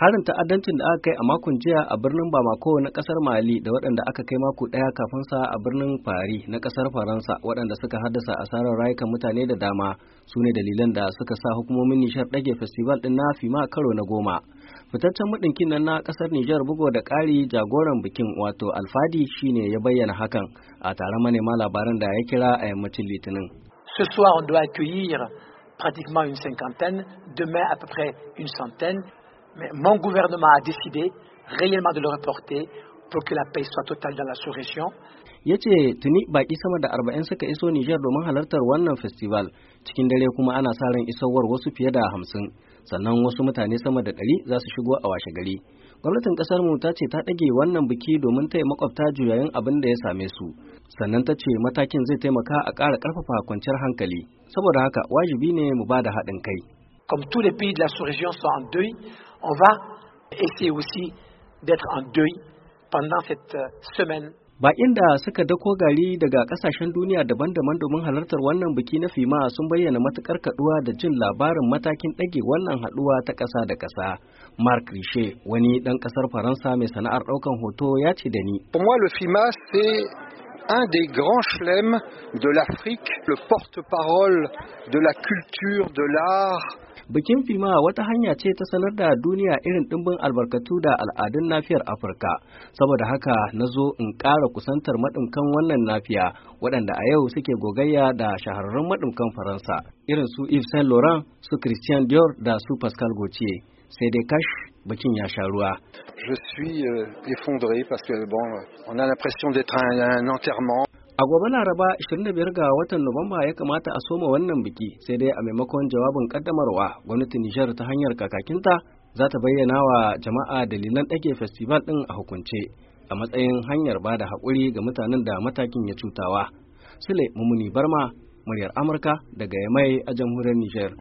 harin ta'addancin da aka kai a makon jiya a birnin Bamako na kasar Mali da waɗanda aka kai mako ɗaya kafin sa a birnin Paris na kasar Faransa waɗanda suka haddasa asarar rayukan mutane da dama su ne dalilan da suka sa hukumomin Nishar ɗage festival ɗin na Fima karo na goma. Fitaccen maɗinkin nan na kasar Nijar bugo da ƙari jagoran bikin wato Alfadi shine ya bayyana hakan a taron manema labaran da ya kira a yammacin Litinin. Ce soir on doit accueillir pratiquement une cinquantaine, demain à peu près une centaine. mais mon gouvernement a décidé réellement de le reporter pour que la paix soit totale dans la sous-région. ya ce tuni baki sama da arba'in suka iso Nijar domin halartar wannan festival cikin dare kuma ana sa ran isowar wasu fiye da hamsin sannan wasu mutane sama da ɗari za su shigo a washe gari gwamnatin ƙasar mu ta ce ta dage wannan biki domin taya makwabta juyayin abin da ya same su sannan ta ce matakin zai taimaka a ƙara ƙarfafa kwanciyar hankali saboda haka wajibi ne mu ba da haɗin kai comme tous les pays de la sous-région sont en deuil, on va essayer aussi d'être en deuil pendant cette euh, semaine. Baƙin da suka dako gari daga ƙasashen duniya daban-daban domin halartar wannan biki na FIMA sun bayyana matuƙar kaduwa da jin labarin matakin ɗage wannan haɗuwa ta ƙasa da ƙasa. Marc Richer, wani ɗan ƙasar Faransa mai sana'ar ɗaukan hoto ya ce da ni. Pour moi, le FIMA, c'est un des grands chelems de l'Afrique, le porte-parole de la culture, de l'art. Bikin Filma wata hanya ce ta sanar da duniya irin ɗimbin albarkatu da al'adun nafiyar Afirka, saboda haka na zo in ƙara kusantar maɗinkan wannan nafiya waɗanda a yau suke gogayya da shahararrun maɗinkan Faransa, irin su Yves Saint Laurent, su Christian Dior da su Pascal Gauthier. sai dai kash bakin ya sha ruwa. Je suis euh, effondré parce que bon, on a l'impression d'être un, enterrement. A gobe Laraba 25 ga watan Nuwamba ya kamata a soma wannan biki sai dai a maimakon jawabin kaddamarwa gwamnatin Nijar ta hanyar kakakinta za ta bayyana wa jama'a dalilan ɗage festival ɗin a hukunce a matsayin hanyar bada da haƙuri ga mutanen da matakin ya cutawa. Sule Mumuni Barma, muryar Amurka daga Yamai a jamhuriyar Nijar.